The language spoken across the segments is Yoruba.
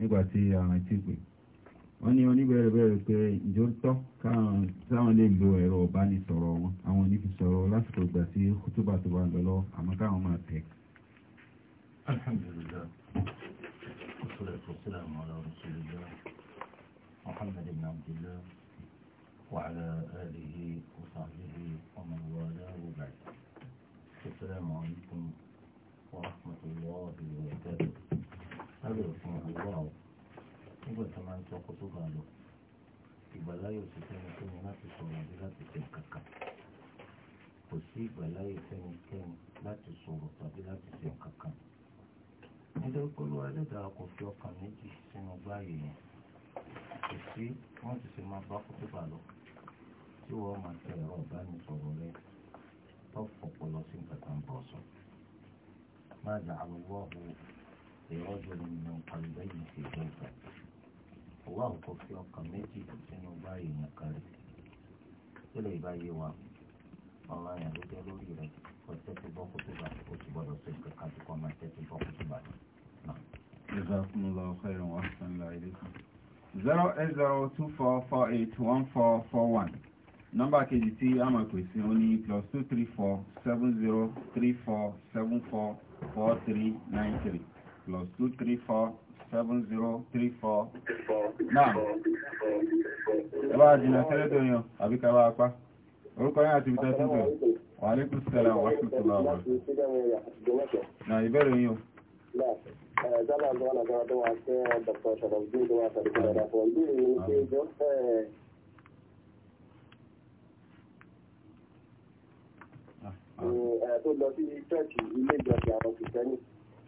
nígbà tí àrùn ti pè wọ́n ní oníbẹ̀rẹ̀bẹ̀rẹ̀ pé ìjọ tọ́ káwọn lè lo ẹ̀rọ ìbánisọ̀rọ̀ wọn àwọn onífisọ̀rọ̀ lásìkò ìgbà tí kútùbà tó bá lọ́lọ́ àmọ́ káwọn máa tẹ̀. alhamdulillah والصلاة والسلام على رسول الله محمد بن عبد الله وعلى آله وصحبه ومن والاه وبعد السلام عليكم ورحمة الله وبركاته lábẹ́ òfin àlọ́ àwọn nígbà tí wọ́n máa ń tọ́ ọkọ̀ tó bá lọ ìgbàláyò sí fẹ́nikẹ́ni láti sọ̀rọ̀ àbí láti tẹ̀ kankan kò sí ìgbàláyò fẹ́nikẹ́ni láti sọ̀rọ̀ tàbí láti tẹ̀ kankan nítorí pé olúwa ẹlẹ́dàá kò fi ọkàn méjì sínú báyìí yẹn kò sí wọ́n ti ṣe máa bá kó bá lọ tí wọ́n máa tẹ ẹ̀rọ ìbánisọ̀rọ̀ rẹ tó fọpọlọ sí nǹkan kan bọ̀ sọ. máa dà àlùwọ́ ọ̀hún lirajulin min qalbayni fi jawfihi ọwọ́ àwọn kò fi ọkàn méjì sínú báyìí yẹn kárí sílẹ̀ ìbáyé wa ọ̀la yẹn ló jẹ́ lórí rẹ̀ kò tẹ́tí bọ́ kótó bá kó tó gbọ́dọ̀ sí nǹkan ká tó kọ́ máa tẹ́tí bọ́ kótó bá náà. jazakumullahu khairan wa ahsanallahu ilaykum. zero eight zero two four four eight one four four one nọ́mbà kejì tí a máa pèsè ó ní plus two three four seven zero three four seven four four three nine three plus two three four seven zero three four nine. ẹ bá jìnà sẹ́lẹ̀ tó yan àbí ká bá apá orúkọ yẹn àti ìbítẹ́ tuntun wà ní kùsùtẹ̀lá wà kùsùtẹ̀lá wà. na ìbẹ̀rẹ̀ yín o. Ìjọba àti wọn àgbà tó wà sí Dr. Sharafdi tó wà sàdúgbò dáadáa fún ọdún yìí ní pé ìjọ tó lọ sí church ilé ìjọsìn àwọn kìtẹ́nì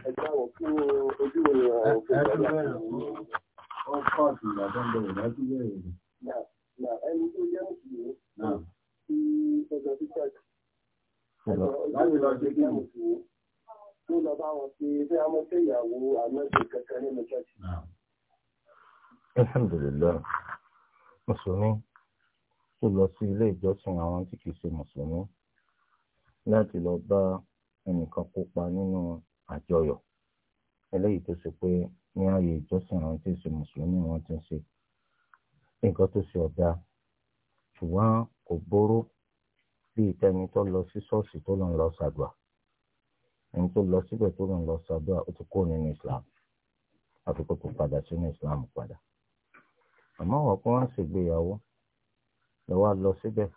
ẹgbẹ́ àwọn kí ni ojú ìrìn àwọn òfin ìjọba. wọ́n kọ́ àti ìbàdàn bẹ̀rẹ̀ láti bẹ̀rẹ̀ rẹ̀. nà ẹni tó jẹ́ mùsùlùmí tí ọjọ́ sí church ẹjọ́ ojú ìrìn àwọn jẹ́ mùsùlùmí tó lọ bá wọn ṣe bí a mọ̀ sí ìyàwó àmọ́sẹ̀ kankan nínú church. alhamdulilayi mùsùlùmí tó lọ sí ilé ìjọsìn àwọn tí kì í ṣe mùsùlùmí láti lọ bá ẹnìkan kópa nínú àjọyọ̀ eléyìí tó ṣe pé ní ààyè ìjọsìn àwọn tí ń ṣe mùsùlùmí wọn ti ń ṣe nǹkan tó ṣe ọ̀dà ṣùgbọ́n kò bóró bí ìtẹni tó lọ sí ṣọ́ọ̀ṣì tó lọ ń lọ ṣàdúà ẹni tó lọ síbẹ̀ tó lọ ń lọ ṣàdúà ó ti kó nínú Islam àfi kó tó padà sínú Islam padà àmọ́ wọ́n kó wọ́n ṣègbéyàwó lọ́wọ́ lọ síbẹ̀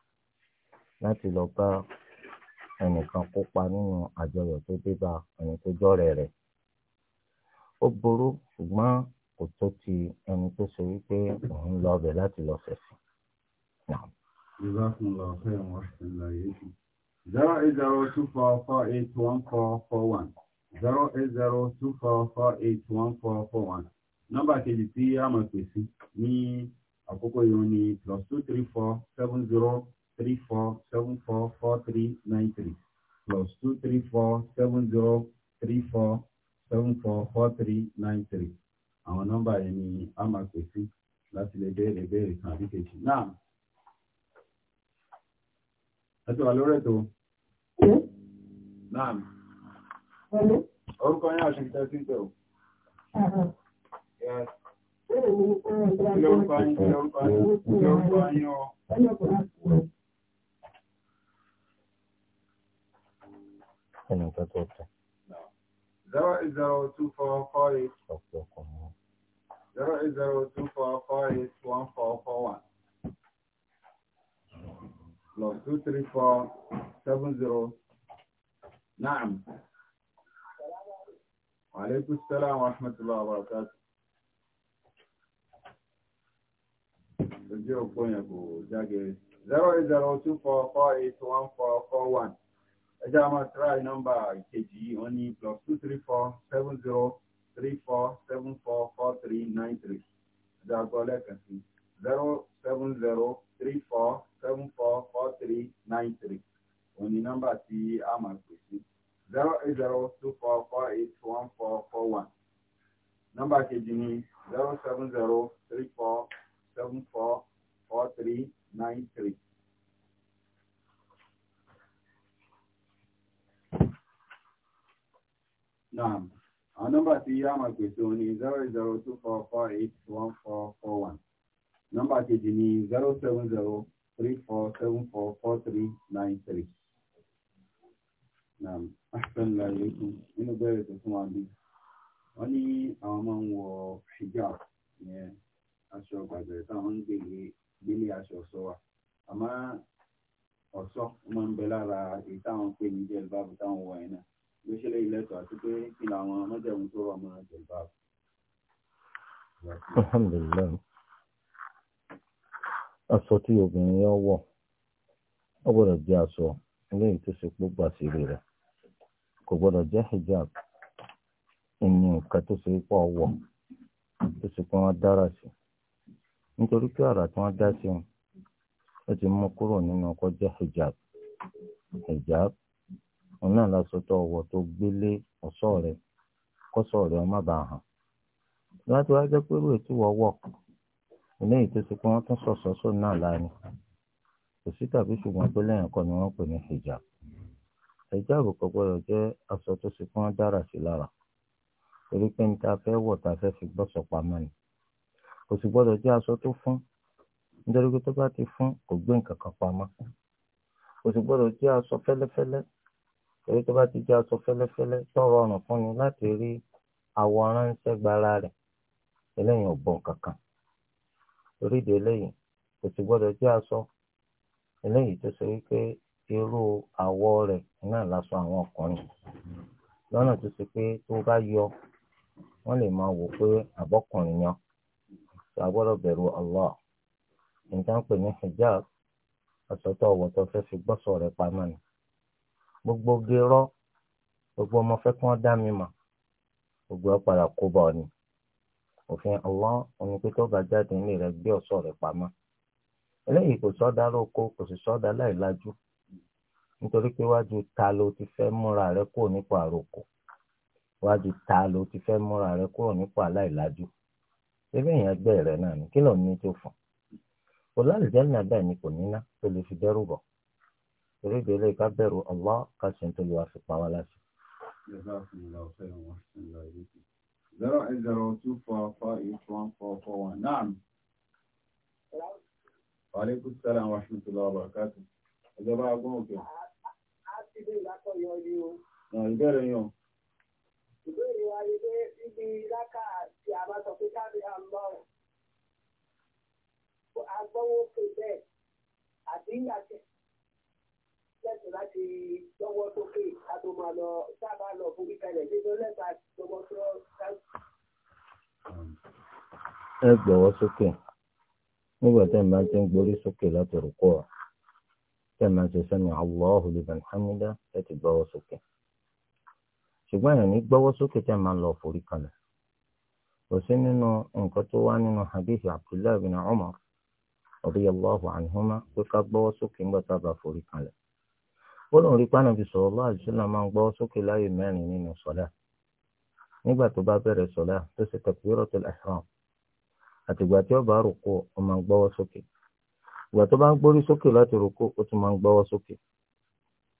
láti lọ bá ẹnìkan kópa nínú àjọyọ̀ tó dé bá ẹni tó jọ́rẹ̀ rẹ̀ ó burú ṣùgbọ́n kò tó ti ẹni tó ṣe wípé òun lọ ọbẹ̀ láti lọ fẹ̀sìn. Zero eight zero two four four eight one four four one zero eight zero two four four eight one four four one. Nọ́mbà kejì tí a máa pèsè ní àkókò yìí ni plus two three four seven zero three four seven four four three nine three plus two three four seven zero three four seven four four three nine three àwọn nọ́mbà yẹn ni a máa pè sí láti lè béèrè béèrè kan àbí kejì náà ẹ ti wà lórí ètò náà orúkọ yẹn àṣẹ ìtẹ́ sí ìtẹ́ o. Ilé orúkọ yín, ilé orúkọ yín, ilé orúkọ yín o. ẹnì nǹkan tó tẹ̀. zero eight zero two four four eight. ọ̀pọ̀ ọkọ̀ mọ́. zero eight zero two four four eight one four four one. plus two وعليكم السلام ورحمة الله وبركاته ojú òpó yẹn kò jáde zero eight zero two four four eight one four four one. ẹjọ́ a máa try nọ́mbà ìkejì yìí wọ́n ní plus two three four seven zero three four seven four four three nine three ẹjọ́ àgbọ̀ lẹ́ẹ̀kan sí zero seven zero three four seven four four three nine three òun ni nọ́mbà tí a máa pè sí zero eight zero two four four eight one four four one nọ́mbà kejì ni zero seven zero three four seven four four three nine three. Naam. Àwọn nọ́mbà tí yá máa pèsè òun ni zero zero two four four eight one four four one. Nọ́mbà kejì ni zero seven zero three four seven four four three nine three. Naam. Assalamu alaikum. Nínú bẹ̀rẹ̀ tó fún wa bí. Wọ́n ní àwọn máa ń wọ hijab yẹn aṣọ gbàgbẹ̀rẹ̀ táwọn ń gbèlè gbélé aṣọ sọ wa. Àmọ́ ọ̀ṣọ́ máa ń bẹ lára èyí táwọn pè ní jẹ́ ìbábu táwọn wọ̀ yẹn náà. ló ṣẹlẹ̀ ilẹ̀kọ̀ àti obìnrin wọ̀ gbọ́dọ̀ jẹ́ eléyìí tó ṣe pé rẹ̀ kò gbọ́dọ̀ jẹ́ hijab ìní nǹkan tó ṣe wọ̀ tó ṣe pé wọ́n dára sí nítorí pé àrà tí wọ́n dá sí wọn ó hijab hijab òun náà lọ́sọ tó ọwọ́ tó gbélé ọmọ bá hàn láti wá pé tí wọ́n wọ̀ tó ti pé wọ́n tún tàbí ṣùgbọ́n pé lẹ́yìn kan ni wọ́n pè ní jẹ́ aṣọ tó ti pé wọ́n dára sí fi gbọ́sọ̀ ni kò sì jẹ́ aṣọ fún nítorí pé tó fún kò gbé nǹkan torí tó bá ti jẹ́ aṣọ fẹ́lẹ́fẹ́lẹ́ tó rọrùn fún ni láti rí awọ ránṣẹ́ gbára rẹ̀ eléyìí ò bọ̀ kankan torí ìdí eléyìí kò sì gbọ́dọ̀ jẹ́ aṣọ eléyìí tó ṣe wípé irú awọ rẹ̀ náà láṣọ àwọn ọkùnrin lọ́nà tó ṣe pé tó bá yọ wọ́n lè máa wò pé àbọ̀kùnrin yan tó a gbọ́dọ̀ bẹ̀rù Allah nǹkan pè ní hijab aṣọ tó fẹ́ fi gbọ́sọ̀ rẹ̀ pamọ́ ni. gbogbo gerọ́ gbogbo ọmọ fẹ́ kí wọ́n dá mi mọ̀ gbogbo ẹ̀ padà kó bọ̀ ni òfin Allah omi pé tó bá jáde nílé rẹ gbé ọ̀ṣọ́ rẹ pamọ́ eléyìí kò sọ́dá lóko kò sì sọ́dá láìlájú nítorí pé wájú ta ló ti fẹ́ múra rẹ kúrò nípò àròkò wájú ta ló ti fẹ́ múra rẹ kúrò nípò aláìlájú ebe èèyàn ẹgbẹ́ rẹ náà ni kí ló ní tó fún kò lálùjẹ́ náà bẹ́ẹ̀ ni kò níná tó lè fi dẹ́rù bọ̀ torí ìdílé ká bẹ̀rù Allah ká ṣe nítorí wàá fi pa wá láṣẹ. zero eight zero two four four eight one four four one naam. waaleykum salaam wa rahmatullahi wa barakatuh. ìjọba agbọn òkè. a ti yọ ni o. ìbéèrè yín o. ìbéèrè wa ni pé ibi lákà àti àbátọ̀ pé káàdì àlọ́ agbọ́wọ́ pé bẹ́ẹ̀ àbí àti tẹ̀sán láti lọ́wọ́ sókè àti máa lọ sábà lọ fún kíkalẹ̀ nínú lẹ́ta lọ́wọ́ tó dáhùn. ẹ gbọ́wọ́ sókè nígbà tẹ́ ẹ máa ti ń gborí sókè láti rúkọ́ ọ tẹ́ ẹ máa ti sẹ́ni Allahu liman hamida ẹ ti gbọ́wọ́ sókè ṣùgbọ́n èèyàn ní gbọ́wọ́ sókè tẹ́ ẹ máa lọ forí kalẹ̀ kò sí nínú nǹkan tó wá nínú hadith Abdullahi bin Umar radiyallahu anhuma pé ká gbọ́wọ́ sókè ńgbà tá a bá forí kalẹ̀ ó lóun rí pánàbí sallallahu alaihi wasallam máa ń gbọ́ sókè láyè mẹ́rin nínú sọ́lá nígbà tó bá bẹ̀rẹ̀ sọ́lá tó ṣe takbiratul ihram àtìgbà tí ó bá rúkú ó máa ń gbọ́wọ́ sókè ìgbà tó bá ń gbórí sókè láti rúkú ó tún máa ń gbọ́wọ́ sókè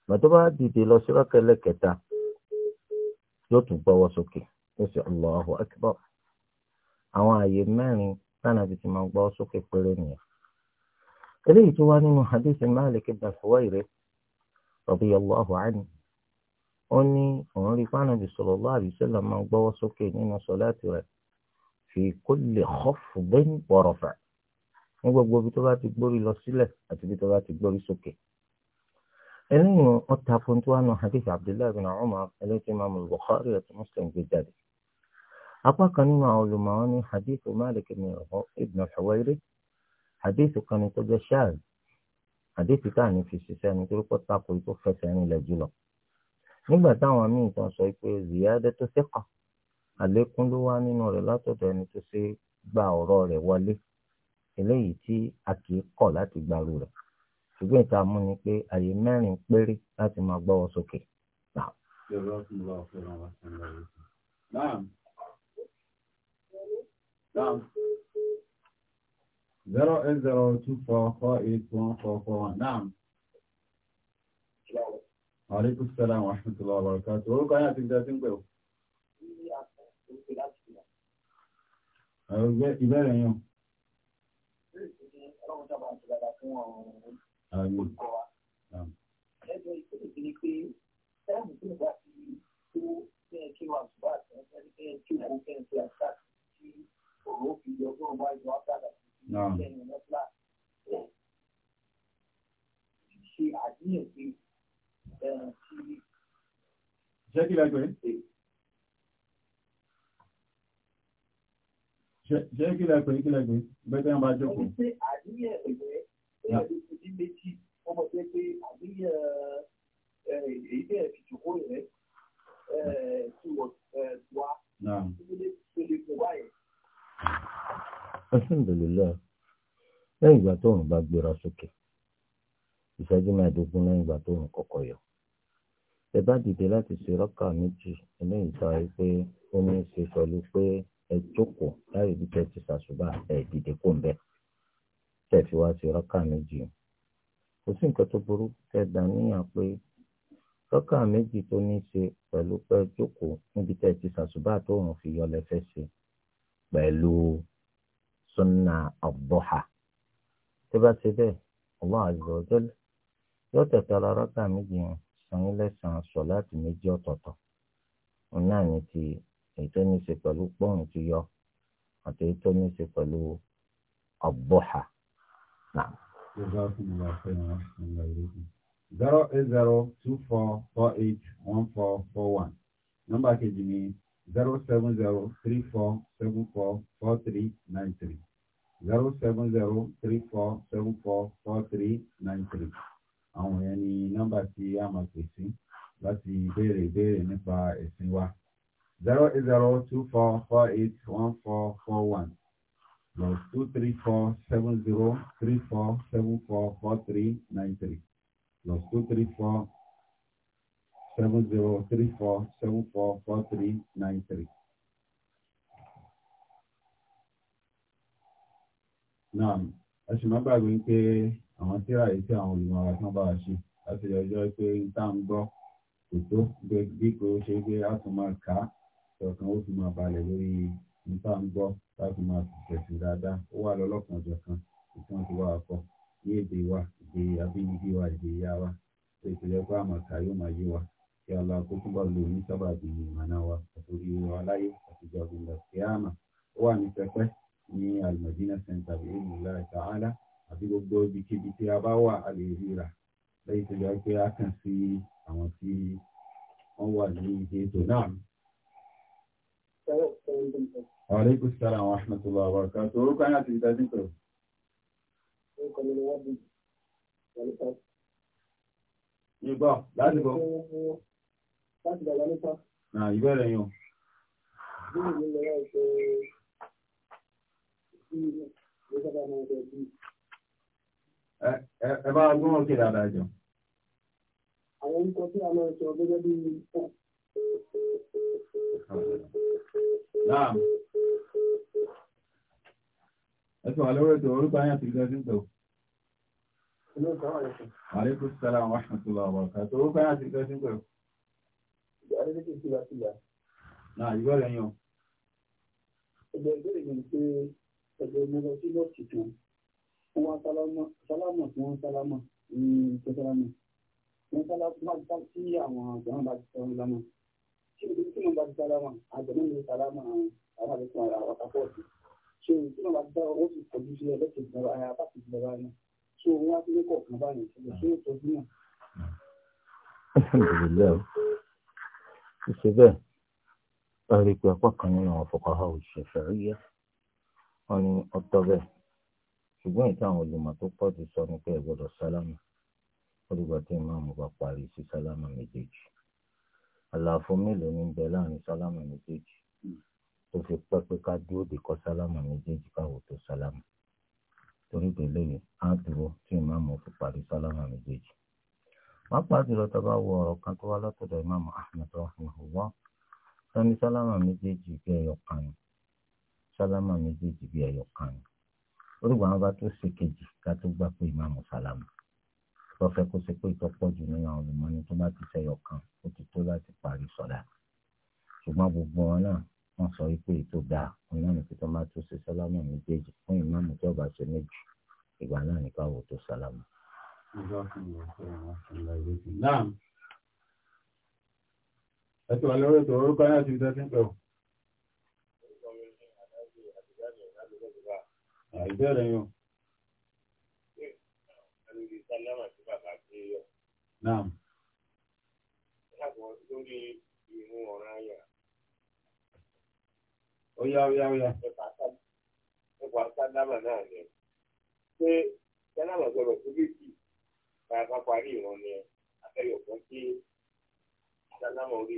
ìgbà tó bá dìde lọ sí rákẹ́lẹ́ kẹta yóò tún gbọ́wọ́ sókè ó sì Allahu akbar àwọn ààyè mẹ́rin tánàbí ti máa ń gbọ́wọ́ sókè péré nìyẹn eléyìí tó wá nínú hadith Malik ibn Huwayrith radiyallahu anhu ó ní òun rí fánàbì sallallahu alaihi wasallam máa gbọ́wọ́ sókè nínú sọ̀láàtì rẹ̀ fi kulli khafdin wa raf' ní gbogbo ibi tó bá ti gbórí lọ sílẹ̀ àti ibi tó bá ti gbórí sókè. eléyìí wọn ta fún tí wọn nu hadith abdullahi bin umar eléyìí máa mú bukhari àti muslim gbé jáde. apá kan nínú àwọn olùmọ̀ọ́ ní hadith malik ibn al-huwairi hadith kan ní tó jẹ́ ṣáàlì àdéhùn tá à ní fi ṣiṣẹ́ ni torí pọ́ tako tó fẹsẹ̀ rinlẹ̀ jùlọ. nígbà táwọn míì kan sọ pé ziyadẹ tó sẹ́kọ̀ àlékún ló wá nínú rẹ̀ látọ̀dọ̀ ẹni tó ṣe gba ọ̀rọ̀ rẹ̀ wọlé eléyìí tí a kì í kọ̀ láti gbaru rẹ̀ ṣùgbọ́n ìta mú ni pé àyè mẹ́rin péré láti máa gbọ́wọ́ sókè. Naam. Naam zero eight zero two four four eight one four four one naam. aleykum salaam wa rahmatulah wa barakatu orúkọ ayé àti ìdá tí ti ní pé ẹ̀rọ ìpínlẹ̀ ti ní kí ẹ kí wà ṣùgbọ́n àti ẹgbẹ́ kí ẹ kí wọ́n kí ẹ àṣà tí òun ó fi yọgbọ́n wáyé wọn sábà sí. نعم ṣé kí lẹ́gbẹ́ ṣé kí lẹ́gbẹ́ kí lẹ́gbẹ́ bẹ́tẹ̀ ń bá jókòó. ìgbà tó òun bá gbéra sókè ìṣẹ́jú mẹ́ẹ̀ẹ́dógún lẹ́yìn ìgbà tó òun kọ́kọ́ yọ. ẹ bá dìde láti ṣe rákà méjì eléyìí ta ẹ pé ó ní í ṣe pẹ̀lú pé ẹ jókòó láì bí tẹ ti ṣàṣùbà ẹ dìde kó ń bẹ tẹ fi wá ṣe méjì kò sí nǹkan tó burú tó bá ṣe bẹ́ẹ̀ Allah azza wa jalla yóò tẹ̀tẹ̀ ara rákà méjì yẹn san yín lẹ́sàn-án sọ láti méjì ọ̀tọ̀ọ̀tọ̀ òun náà ní ti èyí tó ní í ṣe pẹ̀lú pọ́ùn ti yọ àti èyí tó ní í ṣe pẹ̀lú ọ̀bọ̀hà zero eight zero two four four eight one four four one nọ́mbà kejì ni zero seven zero three four seven four four three nine three zero seven zero three four seven four four three nine three àwọn yẹn ni nọ́mbà tí a máa pè sí láti béèrè ìbéèrè nípa ẹ̀sìn wa zero eight zero two four four eight one four four one plus two three four seven zero three four seven four four three nine three plus two three four seven zero three four seven four four three nine three. naam ẹ sì má gbàgbé pé àwọn tíra yìí tí àwọn olùmọ̀ wa tán bá wa ṣe láti pé tá ń kò tó gbé bí ṣe gbé a tún máa kà á ṣọ̀kan ó fi máa balẹ̀ lórí nípa ń gbọ́ láti máa tẹ̀sí dáadáa ó wà lọ́lọ́kan wa èdè abínibí wa èdè ìyá wa ìpìlẹ̀ pé ní Al-Madina Center bí ìlú ta'ala àti gbogbo ibikíbi tí a bá wà a lè rí rà lẹ́yìn tó yọ pé a kàn sí àwọn tí wọ́n wà ní ìdí ètò náà. Aleykum salaam wa rahmatullahi wa barakatuh. Orúkọ yẹn àti ìdájí pẹ̀. Orúkọ mi láti bọ̀. Láti bọ̀ Wàlúfà. Ìbẹ̀rẹ̀ yẹn. Bí ẹ bá gbọ́n òkè dáadáa jọ. àwọn orúkọ tí a máa sọ gẹ́gẹ́ bí Naam. Ẹ̀sùn àlọ́wọ́ ètò orúkọ ayé àti ìgbẹ́sìn tó. Àlékún sálà àwọn àṣàtúlọ̀ àwọ̀ká tó orúkọ ayé àti ìgbẹ́sìn tó. Náà ìgbẹ́rẹ̀ yàn. Ìgbẹ́rẹ̀ yàn pé ọ̀dọ̀ ọmọ lọ sí lọ́ọ̀tì kan wọ́n wá sálámà tí wọ́n sálámà ní ìṣẹ́ sálámà wọ́n sálámà sí àwọn àgbọ̀n bá ti sálámà tí wọ́n bá ti sálámà àgbọ̀n ní sálámà àwọn àlejò ara àwọn kápọ́ọ̀tì so tí wọ́n bá ti sálámà wọ́n ti kọjú sí ẹlẹ́sìn ìjọba ara bá ti jọba ni so wọ́n wá sílé kọ̀ọ̀kan báyìí ṣe é tọ́jú náà. alhamdulilayi ṣe bẹ́ẹ̀ a rí i pé apá kan nínú àwọn fọkànlá òṣèṣẹ́ rí yẹn. wọn ní ọ̀tọ̀ bẹ́ẹ̀ ṣùgbọ́n ìta àwọn olùmọ̀ tó pọ̀ jù sọ ni pé ẹ gbọ́dọ̀ sálámà ó dìgbà tí ìmáàmù bá parí sí sálámà méjèèjì àlàfo mélòó ní bẹ láàrin sálámà méjèèjì tó fi pẹ́ pé ká dúró de kọ́ sálámà méjèèjì káwọ́ tó sálámà torí pẹ̀lú yìí á dúró tí ìmáàmù fi parí sálámà méjèèjì wọ́n pàdé lọ tó bá wọ ọ̀rọ̀ kan tó wá lọ́tọ̀dọ̀ ìmáàmù Ahmad rahimahullah sani sálámà méjèèjì bẹ́ẹ̀ yọ kànú sálámà méjèèjì bí ẹyọ kan ni orúkọ àwọn bá tó ṣe kejì ká tó gbà pé ìmáàmù sálámà tó fẹ́ kó ṣe pé ìtọ́pọ̀ jù nínú àwọn olùmọ́ni tó bá ti ṣẹyọ kan ó ti tó láti parí sọ̀dá ṣùgbọ́n gbogbo wọn náà wọ́n sọ wípé ètò dáa wọn náà ní pé tó máa tó ṣe sálámà méjèèjì fún ìmáàmù tó bá ṣe méjì ìgbà náà nípa wo tó sálámà. ẹ tó wà lórí ètò orúkọ náà ti fi tẹ́sí pẹ̀lú. àìbẹ̀rẹ̀ yàn. Naam. Ó yá ó yá ó yá. Ẹ̀kọ́ àtàdámà náà ni. Ṣé Sálámà gbọ́dọ̀ tó létí? Bá a bá parí ìran ni afẹ́yọ̀kan sí Sálámà orí.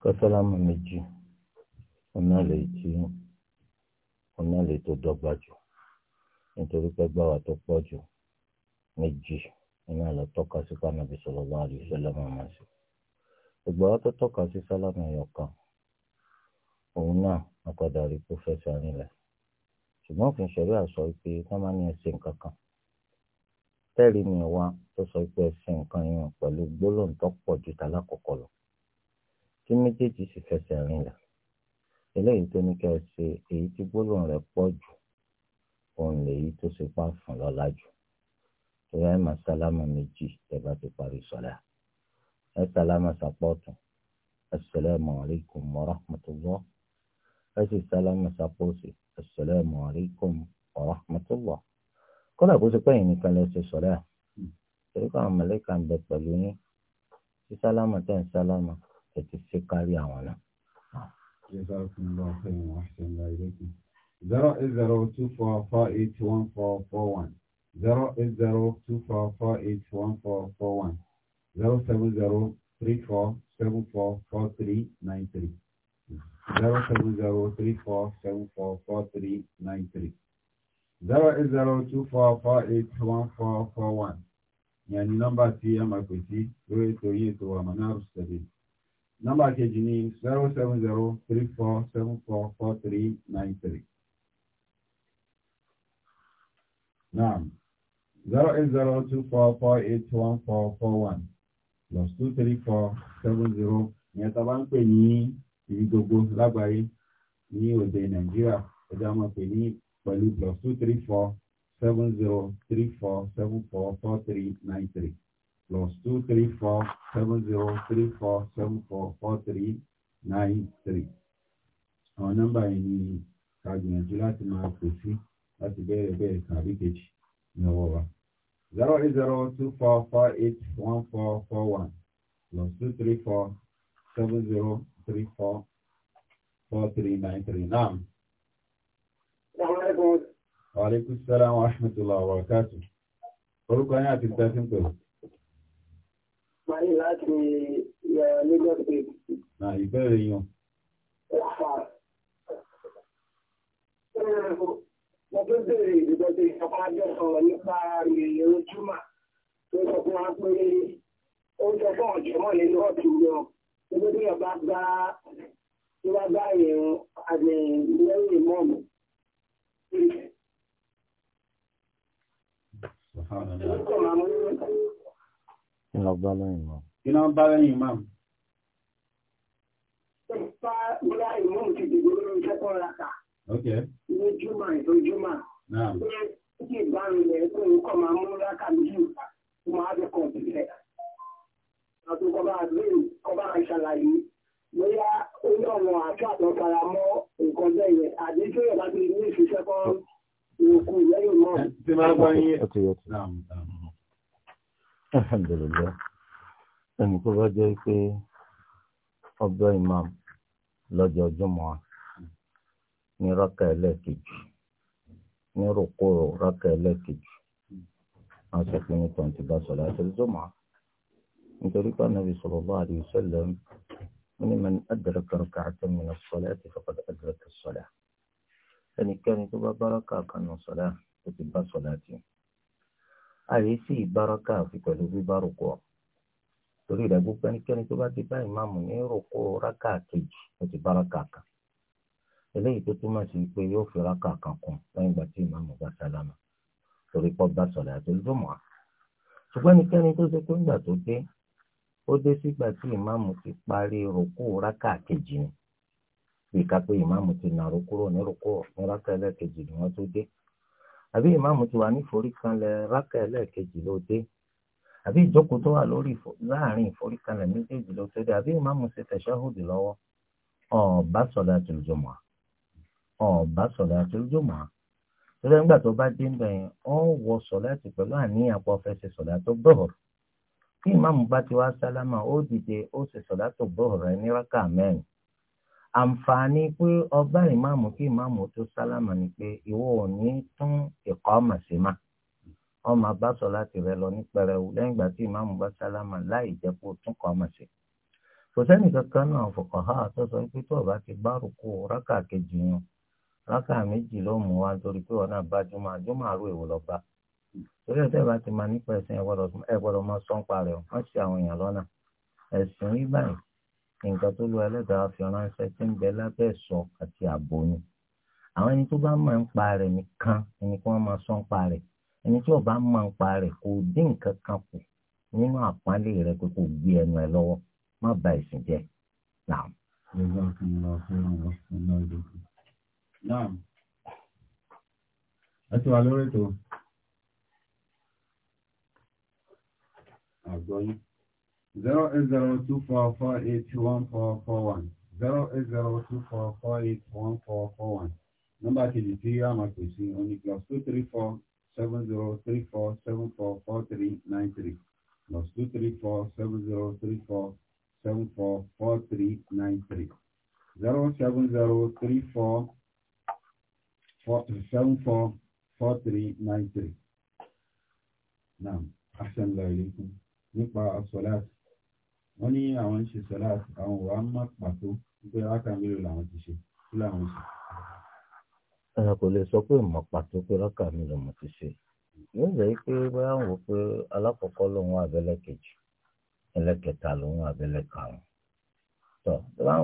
Kọ́sálámà méjì, ọ̀nà lè jí ọ̀nà lè tó dọ́gba jù nítorí pé gbàwà tó pọ̀ jù méjì iná lọ tọ́ka sí kánàbí sallallahu alaihi wasallam máa sí ìgbà wa tó tọ́ka sí sálámà ẹ̀yọ̀ kan òun náà àpàdà rí kó fẹsẹ̀ rìnlẹ̀ ṣùgbọ́n òfin ṣẹ̀rí àsọ pé wọ́n máa ní ẹsẹ̀ nǹkan kan tẹ́rì ni wa tó sọ pé ẹsẹ̀ nǹkan yẹn pẹ̀lú gbólóǹtọ́ pọ̀ ju tàlákọ̀kọ̀ lọ tí méjèèjì sì fẹsẹ̀ rìnlẹ̀ eléyìí tó ní kẹ́ ẹ ṣe èyí tí gbólóhùn rẹ̀ pọ̀ jù òun lèyí tó ṣe pa fún lọ́la jù ìyá ẹ̀ máa sálámà méjì ẹ bá ti parí sọ́lá ẹ sálámà sàpọ̀tù assalamu alaikum wa rahmatullah ẹ sì sálámà sàpọ̀sì assalamu alaikum wa rahmatullah kọ́lá kó ṣe pé ẹ̀yin nìkan lè ṣe sọ́lá torí pé àwọn mọ̀lẹ́kà ń bẹ pẹ̀lú yín sí sálámà tẹ̀ ń sálámà ẹ ti ṣe kárí àwọn náà. جزاكم الله خيرا وأحسن الله إليكم 08024481441 08024481441 07034744393 07034744393 08024481441 يعني نمبر تي أما كويتي لو يتوي يتوى منار السبيل nọ́mbà kejì ní zero seven zero three four seven four four three nine three. Naam zero eight zero two four four eight one four four one plus two three four seven zero ìyẹn tá a bá ń pè ní ibi gbogbo lágbàáyé ní òde Nàìjíríà ẹ̀dá máa pè ní pẹ̀lú plus two three four seven zero three four seven four four three nine three. plus two three four Our number nine three. Àwọn nọ́mbà yìí ni ká gbìyànjú láti máa pè sí láti bẹ̀rẹ̀ bẹ̀rẹ̀ tàbí kejì ní ọwọ́ wa. zero eight zero two four four eight one four four one plus two three four seven zero three four four three nine three naam. Wa aleykum salaam wa rahmatulah wa barakatuh. Orúkọ láti Lagos State. Ìbéèrè yan. Mo tó béèrè ìdìbò tí ìjọba àjọsọ nípa ìrìn ojúmọ̀ tó sọ fún wa pé ó sọ fún ọ̀jọ̀mọ́ nínú ọ̀tún yọ. Gbogbo bí ọba gba tí wọ́n bá ìrìn àgbẹ̀yìn lẹ́yìn ìmọ̀ọ̀mù. Ìlọ̀gbọ́n lẹ́yìn náà iná bá lẹ́yìn imam. Okay. bóyá imam ti dìbò lórí sẹ́kọ̀ọ́ raka. Lójúmọ̀ ìlójúmọ̀. Ṣé kí ìbánu rẹ̀ kó ń kọ̀ máa mú raka méjì kó máa bẹ̀ kọ̀ bílẹ̀? Àti kọba àgbéyìn kọba àṣàlàyé bóyá ó ní ọ̀nà àti àtọ̀fara mọ́ nǹkan bẹ́ẹ̀ yẹn àdéjọ́ yẹn láti ní ìṣiṣẹ́ kọ́ òkú lẹ́yìn náà. Ṣé máa gbọ́ yín? Alhamdulillah ẹni tó bá jẹ́ pé ọgbẹ́ imam lọ́jọ́ jùmọ̀ ní rákà ẹlẹ́ẹ̀kejì ní rúkúrò rákà ẹlẹ́ẹ̀kejì wọ́n sọ pé nípa ti bá sọ̀rọ̀ àti jùmọ̀ nítorí pé Ànábì sallallahu alaihi wasallam ó ní man adraka rak'atan min as-salati faqad adraka as-salah ẹnikẹ́ni tó bá báraka kan nù sọ̀rọ̀ ó ti bá sọ̀rọ̀ àti àyè sí ìbáraka àfi pẹ̀lú bíbá rúkúrò. torí rẹ̀ gbogbo ẹnikẹ́ni tó bá ti bá ìmáàmù ní rògbò rákà kejì ó ti bá rákà kan eléyìí tó túmọ̀ sí pé yóò fi rákà kan kún lẹ́yìn ìgbà tí ìmáàmù bá sálámà torí pọ́ bá sọ̀rọ̀ àti ṣùgbọ́n tó ṣe pé ńgbà tó dé ó dé sígbà tí ìmáàmù ti parí rògbò rákà kejì ni bí ká pé ìmáàmù ti nàró kúrò ní rògbò ní ti wà ní forí àbí ìjókòó tó wà lórí láàrin ìforíkalẹ̀ méjèèjì ló tó dé àbí ìmáàmù ṣe tẹ̀síọ́hùdì lọ́wọ́ ọ̀ọ́bá sọ̀dá tìlùjọ́mọ́ ọ̀ọ́bá sọ̀dá tìlùjọ́mọ́ tọ́lá nígbà tó bá dé níbẹ̀ yẹn ọ́ wọ sọ̀dá ti pẹ̀lú àníyàn pọ̀ fẹ́ ṣe sọ̀dá tó bọ̀rọ̀ tí ìmáàmù bá ti wá sálámà ó dìde ó ṣe sọ̀dá tó bọ̀rọ̀ ẹ̀ ní ni pé ìwọ ò ní tún Ọma máa bá sọ rẹ lọ ní pẹrẹwu lẹ́yìn ìgbà tí ìmáàmù bá sálámà láì jẹ́ kó tún kọ́ ọmọ sí. kò sẹ́ni kankan náà fuqaha tó sọ pé tó o bá ti bá rúkú rákà kejì yẹn rákà méjì ló mú wa torí pé ọ̀nà èwo lọ bá ti máa nípa ẹ̀sìn ẹ gbọ́dọ̀ máa parẹ́ wọ́n ṣe àwọn èèyàn lọ́nà ẹ̀sìn rí báyìí nǹkan tó lu ẹlẹ́dàá fi ránṣẹ́ tí ń bẹ lábẹ́ ẹ̀ṣọ́ àti ààbò ni àwọn ẹni tó bá ẹni tí ọba máa ń pa rẹ̀ kò dín nǹkan kan kù nínú àpọ́nlé rẹ̀ pé kò gbé ẹnu ẹ lọ́wọ́ má ba ìsìn jẹ́ náà. náà ẹ ti wà lórí ètò àgbọ̀yìn zero eight zero two four four eight one four four one zero eight zero two four four eight one four four one nọ́mbà kejì tí a máa pèsè oní plus two three four seven zero three four seven four four three nine three plus two three four seven zero three four seven four four three nine three zero seven zero three four four seven four four three nine three. Naam, Ahsan Laileikum. Nípa Asọ́láàt, wọ́n ní àwọn ń ṣe Sọ́láàt, àwọn wà á má pàtó pé Ákàmílò làwọn ti ẹnì kò lè sọ pé ìmọ̀ pàtó pé rákà mi lòun ti ṣe pé bóyá pé alákọ̀ọ́kọ́ lòun abẹ́lẹ̀ kejì ẹlẹ́kẹta lòun abẹ́lẹ̀ karùn-ún tọ́ bóyá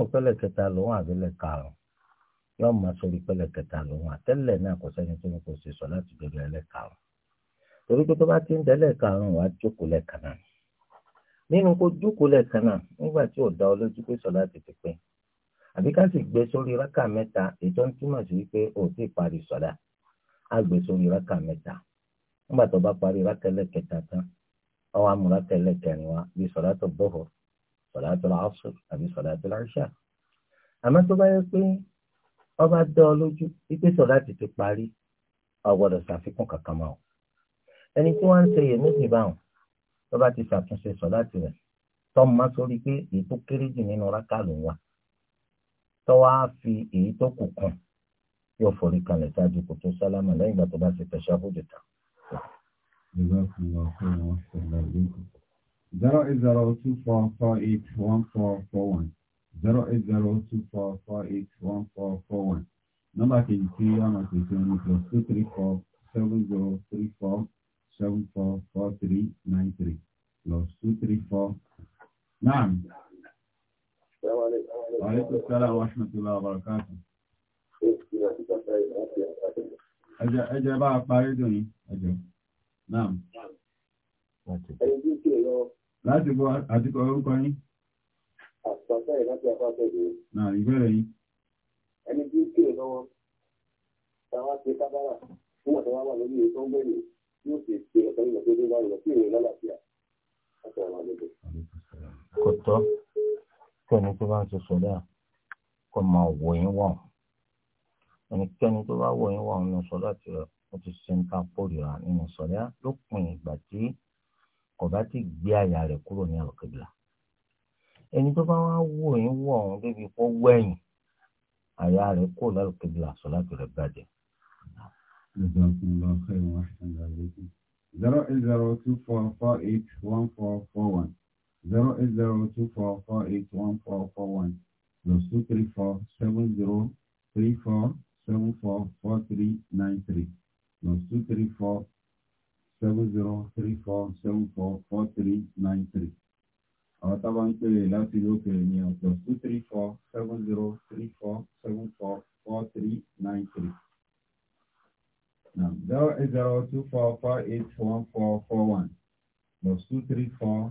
lòun abẹ́lẹ̀ karùn-ún yóò máa sórí pé lòun ti ń dẹ́lẹ̀ karùn-ún jókòó lẹ́ẹ̀kan àbí ká sì gbé sórí rákà mẹ́ta ètò ń túmọ̀ sí pé ò tí ì parí sọ̀dá á gbé sórí rákà mẹ́ta nígbà tó bá parí rákà ẹlẹ́kẹta tán ọwọ́ amú rákà ẹlẹ́kẹrin wa bí sọ̀dá tó bọ̀họ̀ sọ̀dá tó lọ́sùn àbí sọ̀dá tó lọ́sà àmọ́ tó bá yẹ pé ọba dá ọ lójú wípé sọ̀dá ti ti parí ọ ṣàfikún kankan mọ́ ẹni tí wọ́n ń ṣe iyèméjì báwọn tó bá ti ṣàtúnṣe sọ̀dá tirẹ̀ tọ́ tó wá fi èyí tó kù kàn yóò forí kalẹ̀ ṣáájú kó tó sálámà lẹ́yìn ìgbà tó bá ṣe tẹ̀sán àbójú tán. zero eight zero two four four eight one four four one zero eight zero two four four eight one four four one nọ́mbà kejì tí wọn máa pèsè ní plus two three four seven zero three four seven four four three nine three plus two three four nine. السلام عليكم وعليكم السلام ورحمة الله وبركاته ẹjẹ ẹjẹ bá a parí نعم. ní ẹjọ náà láti bọ́ àtikọ̀ orúkọ yín náà ìbẹ̀rẹ̀ yín ẹni tí ń kèrè lọ́wọ́ tàwa ti kábàrà fún ọ̀tọ̀wà wà lórí ètò ọgbẹ̀rẹ̀ yóò sì ṣe ọ̀tọ̀ ìlọ̀tọ̀ ìlọ̀tọ̀ ìlọ̀tọ̀ ìlọ̀tọ̀ ìlọ̀tọ̀ ìlọ̀tọ̀ ìlọ̀tọ̀ ẹnikẹ́ni tó bá ń ṣe sọ̀dá kó máa wò yín wọ̀n ẹnikẹ́ni tó bá wò yín wọ̀n nínú sọ̀dá tirẹ̀ ó ti ṣe ń ta kórìíra nínú sọ̀dá lópin ìgbà tí kò bá ti gbé àyà rẹ̀ kúrò ní àlùkìbìlà ẹni tó bá wá wò yín wọ̀n débi kó wẹ̀yìn àyà rẹ̀ kúrò lálùkìbìlà sọ̀dá tirẹ̀ bàjẹ́. zero eight zero two four four eight one four four one. zero eight zero two four four eight one four four one plus two three four seven zero three four seven four four three nine three plus two three four seven zero three four seven four four three nine three. Àwọn tábà ń pè láti ìlú òkèèrè ni ọ̀ plus two three four seven zero three four seven four four three nine three. Now zero eight zero two four four eight one four four one plus two three four.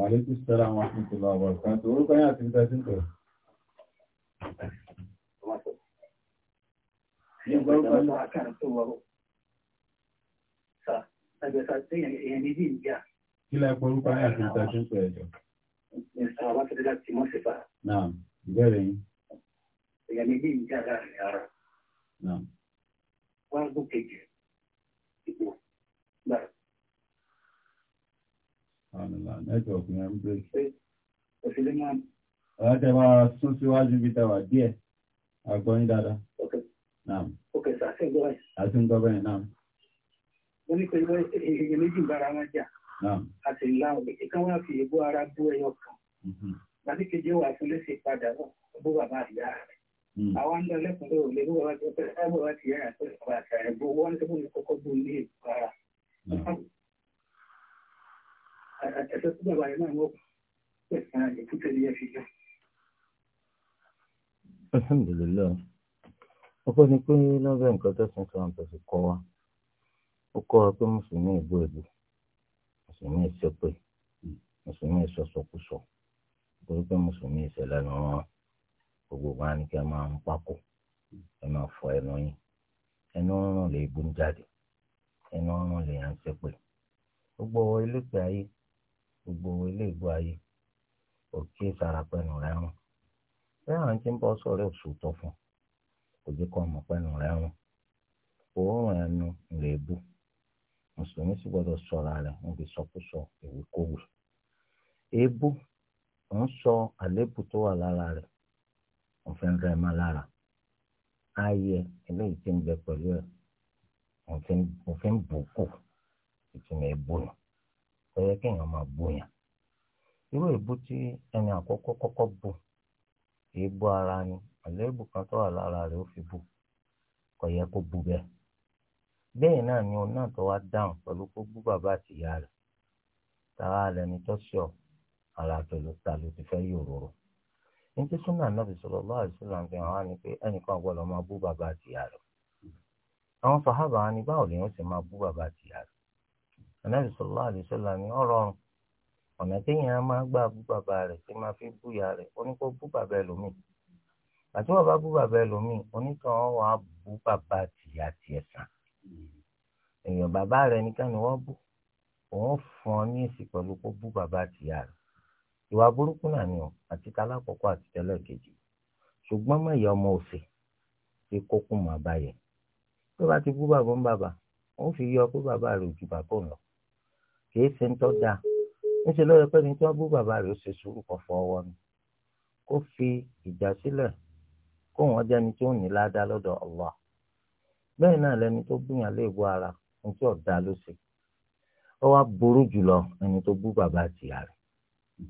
Wàlékún sẹ́lá wọn fún ìtòlá ọ̀wọ̀ kan tó orúkọ yẹn àti ìta sí ìtọ̀. Ní ọgbà orúkọ yẹn àkàrà tó wọ̀ ọ́. Sà, àgbẹ̀sà tí èèyàn ní bí ìyá. Kí láì pọ̀ orúkọ yẹn àti ìta sí ìtọ̀ ẹ̀jọ̀? Mr. Awásídé láti Mọ́sífà. Náà, láàrin ara. Wọ́n á Ìgbò. Báyìí. subhanallah network yẹn ń break. ọ̀rẹ́ tẹ bá sún síwájú bí tẹwà díẹ̀ agbọ́yìn dáadáa. naam. ok sà á sì bẹ́ẹ̀. á sì bẹ́ẹ̀ naam. mo ní pẹ̀lú èyí méjì bára wọn jà. naam. a sì ń la òkè fi ègbó ara bú ẹyọ kan. láti kejì ó wà fún léṣe padà bó bàbá àyà rẹ̀. àwọn ń dọ̀lẹ́ fún lóòrè bó bàbá ti yára pé bàbá àtàrà ẹ̀gbọ́ wọn ní ẹsẹ̀ tó bàbá yẹn náà wọ́n pẹ̀sán èkúté ní ẹ̀fì náà. alhamdulilayi ọpẹ́ ni pé lọ́gbẹ́ nǹkan tó sùn sọ àǹtọ̀ sí kọ́ wa ó kọ́ wa pé mùsùlùmí ìbò ìbò mùsùlùmí ìṣẹ́pẹ̀ mùsùlùmí ìṣọ̀ṣọ̀kùsọ̀ torí pé mùsùlùmí ìṣẹ̀lẹ̀ ni wọ́n gbogbo wa ni kí ẹ máa ń pákó ẹ máa fọ ẹnu yín ẹnu ọ̀rùn lè bún ẹnu ọ̀rùn lè yàn ṣẹ́pẹ̀ gbogbo ilé pẹ̀ ayé gbogbo ilé ìgbó ayé òkè sarapẹnu rẹ rùn bẹ́ẹ̀ àwọn tí ń bọ́ sọ̀rọ̀ òṣùtọ̀ fún kò jẹ́ kó ọmọ pẹ́nu rẹ rùn òórùn ẹnu rè bù mùsùlùmí sì gbọ́dọ̀ ṣọ́ra sọkụsọ níbi sọkúsọ ìwékòwé èébú ń sọ àléébù tó wà lára rẹ̀ òfin rẹ má lára ààyè eléyìí ń ó yẹ ma máa bóyàn irú ìbú tí ẹni àkọ́kọ́ kọ́kọ́ bò èébú ara ni àléébù kan tó wà lára rẹ̀ ó fi bò kò yẹ kó bù bẹ́ẹ̀ náà ni òun náà tó wá pẹ̀lú kó bú bàbá rẹ̀ tara lẹni tó ara pẹ̀lú ta ti fẹ́ nítorí súnà fi hàn ni pé ẹnìkan gbọ́dọ̀ máa bú bàbá rẹ̀ àwọn ni báwo lèèyàn máa Ànábì sallallahu alaihi wasallam ni ọ̀rọ̀ ọ̀run ọ̀nà téèyàn máa gbà bú bàbá rẹ̀ tí máa fi bú ìyá rẹ̀ oníkó bú bàbá ẹlòmíì àti wọn bá bú bàbá ẹlòmíì onítàn wà bú bàbá tìyà tiẹ̀ sàn èèyàn bàbá rẹ̀ nìkan ni wọ́n bú òun fún ọ ní èsì pẹ̀lú kó bú bàbá tìyà rẹ̀ ìwà burúkú náà ni ọ àti talákọ̀ọ́kọ́ àti tẹlẹ̀kejì ṣùgbọ́n mọ̀ ìyá ọmọ òsè ti kókùn mọ́ abáyẹ tó bá ti bú bàbá ń bàbá ó fi yọ pé bàbá rẹ̀ ò ju lọ kìí ṣe ń tọ́ da níṣẹ́ lọ́yọ̀ pé ní tí wọ́n bú bàbá rẹ̀ ó ṣe sùúrù kọ̀ fọwọ́ ni kó fi ìjà sílẹ̀ kó wọ́n jẹ́ni tí ó ní ládá lọ́dọ̀ Allah bẹ́ẹ̀ náà lẹni tó gbìyàn lè wọ ara ní tí ọ̀dà ló ṣe ó wá burú jùlọ ẹni tó bú bàbá àtìyá rẹ̀